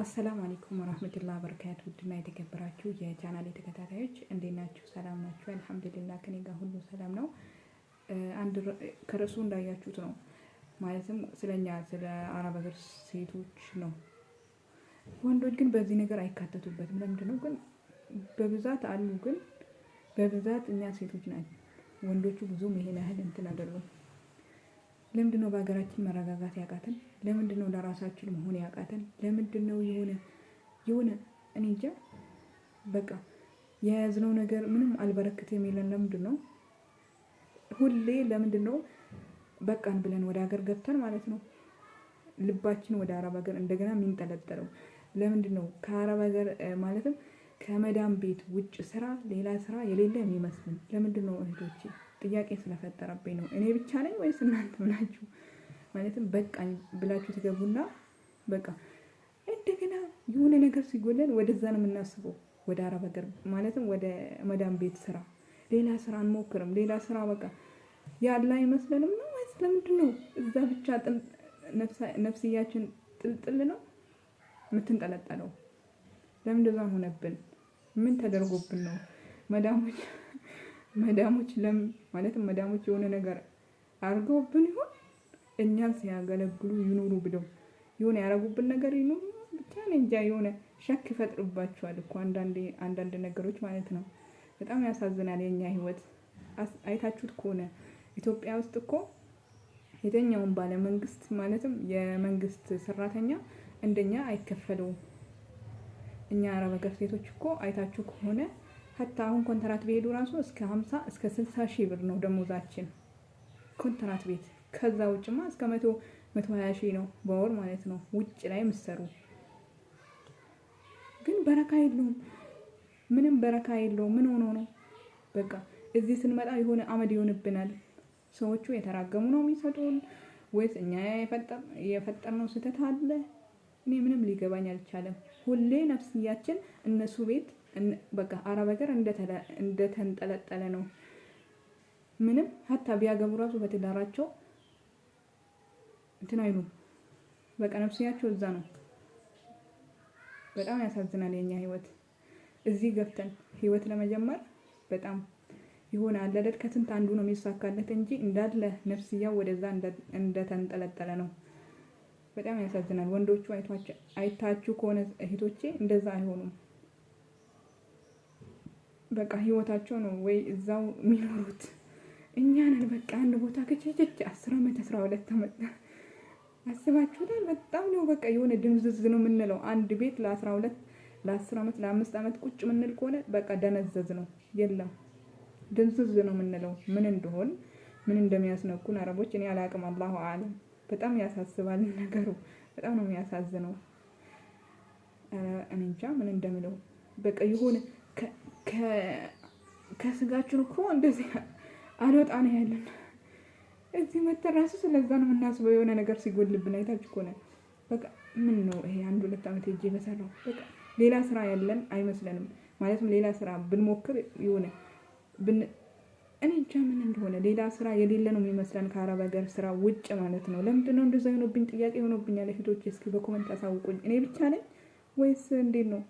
አሰላም አለይኩም ወራህመቱላሂ ወበረካቱ። ውድና የተከበራችሁ የቻናሌ ተከታታዮች እንዴት ናችሁ? ሰላም ናችሁ? አልሐምዱሊላህ ከኔ ጋር ሁሉ ሰላም ነው። አንድ ከርዕሱ እንዳያችሁት ነው ማለትም ስለኛ ስለ አረብ ሀገር ሴቶች ነው። ወንዶች ግን በዚህ ነገር አይካተቱበትም። ለምንድን ነው ግን? በብዛት አሉ፣ ግን በብዛት እኛ ሴቶች ናቸው። ወንዶቹ ብዙም ይሄን ያህል እንትን አይደሉም። ለምንድነው በሀገራችን መረጋጋት ያቃተን? ለምንድነው ለራሳችን መሆን ያቃተን? ለምንድነው የሆነ የሆነ እኔ እንጃ በቃ የያዝነው ነገር ምንም አልበረክት የሚለን ለምንድን ነው ሁሌ ለምንድን ነው በቃን ብለን ወደ ሀገር ገብተን ማለት ነው ልባችን ወደ አረብ ሀገር እንደገና የሚንጠለጠለው ለምንድን ነው? ከአረብ ሀገር ማለትም ከመዳም ቤት ውጭ ስራ ሌላ ስራ የሌለ የሚመስልን ለምንድን ነው እህቶቼ? ጥያቄ ስለፈጠረብኝ ነው። እኔ ብቻ ነኝ ወይስ እናንተ ብላችሁ ማለትም በቃኝ ብላችሁ ትገቡና በቃ እንደገና የሆነ ነገር ሲጎለን ወደዛ ነው የምናስበው። ወደ አረብ ሀገር ማለትም ወደ መዳም ቤት ስራ፣ ሌላ ስራ አንሞክርም። ሌላ ስራ በቃ ያለ አይመስለንም ነው ወይስ ለምንድን ነው እዛ ብቻ ነፍስያችን ጥልጥል ነው የምትንጠለጠለው? ለምንድን ሆነብን? ምን ተደርጎብን ነው መዳሞች መዳሞች ለም ማለትም መዳሞች የሆነ ነገር አድርገውብን ይሆን እኛን ሲያገለግሉ ይኑሩ ብለው የሆነ ያደረጉብን ነገር ይኑሩ ብቻ እንጃ የሆነ ሸክ ይፈጥርባቸዋል እኮ አንዳንድ ነገሮች ማለት ነው። በጣም ያሳዝናል የኛ ህይወት። አይታችሁት ከሆነ ኢትዮጵያ ውስጥ እኮ የተኛውን ባለ መንግስት ማለትም የመንግስት ሰራተኛ እንደኛ አይከፈለውም። እኛ አረብ ሀገር ሴቶች እኮ አይታችሁ ከሆነ ሀታ አሁን ኮንትራት ቢሄዱ ራሱ እስከ 50 እስከ 60 ሺህ ብር ነው ደሞዛችን ኮንትራት ቤት። ከዛ ውጭማ እስከ 100 120 ሺህ ነው በወር ማለት ነው። ውጭ ላይ ምሰሩ ግን በረካ የለውም። ምንም በረካ የለውም። ምን ሆኖ ነው? በቃ እዚህ ስንመጣ የሆነ አመድ ይሆንብናል። ሰዎቹ የተራገሙ ነው የሚሰጡን ወይስ እኛ የፈጠርነው ስህተት አለ? እኔ ምንም ሊገባኝ አልቻለም። ሁሌ ነፍስያችን እነሱ ቤት በቃ አረብ ሀገር እንደተንጠለጠለ ነው። ምንም ሀታ ቢያገቡ ራሱ በትዳራቸው እንትን አይሉም። በቃ ነፍስያቸው እዛ ነው። በጣም ያሳዝናል። የኛ ህይወት እዚህ ገብተን ህይወት ለመጀመር በጣም ይሆን አለደድ ከስንት አንዱ ነው የሚሳካለት እንጂ እንዳለ ነፍስያው ወደዛ እንደተንጠለጠለ ነው። በጣም ያሳዝናል። ወንዶቹ አይታችሁ ከሆነ እህቶቼ እንደዛ አይሆኑም። በቃ ህይወታቸው ነው ወይ እዛው የሚኖሩት። እኛንን በቃ አንድ ቦታ ከቸቸች አስር አመት አስራ ሁለት አመት አስባችሁታል። በጣም ነው በቃ የሆነ ድምዝዝ ነው የምንለው። አንድ ቤት ለአስራ ሁለት ለአስር ዓመት ለአምስት አመት ቁጭ የምንል ከሆነ በቃ ደነዘዝ ነው የለም ድምዝዝ ነው የምንለው። ምን እንደሆን ምን እንደሚያስነኩን አረቦች እኔ አላቅም። አላሁ አለም በጣም ያሳስባል ነገሩ። በጣም ነው የሚያሳዝነው። እኔ እንጃ ምን እንደምለው። በቃ የሆነ ከስጋችን እኮ እንደዚህ አልወጣ ነው ያለን። እዚህ መተን ራሱ ስለዛ ነው የምናስበው። የሆነ ነገር ሲጎልብን አይታችሁ ከሆነ በቃ ምን ነው ይሄ አንድ ሁለት ዓመት ሄጄ በሰራው በቃ ሌላ ስራ ያለን አይመስለንም። ማለትም ሌላ ስራ ብንሞክር የሆነ እኔ እንጃ ምን እንደሆነ ሌላ ስራ የሌለ ነው የሚመስለን ከአረብ ሀገር ስራ ውጭ ማለት ነው። ለምንድን ነው እንደዛ የሆነብኝ? ጥያቄ የሆነብኛል። ፊቶች እስኪ በኮመንት አሳውቁኝ። እኔ ብቻ ነኝ ወይስ እንዴት ነው?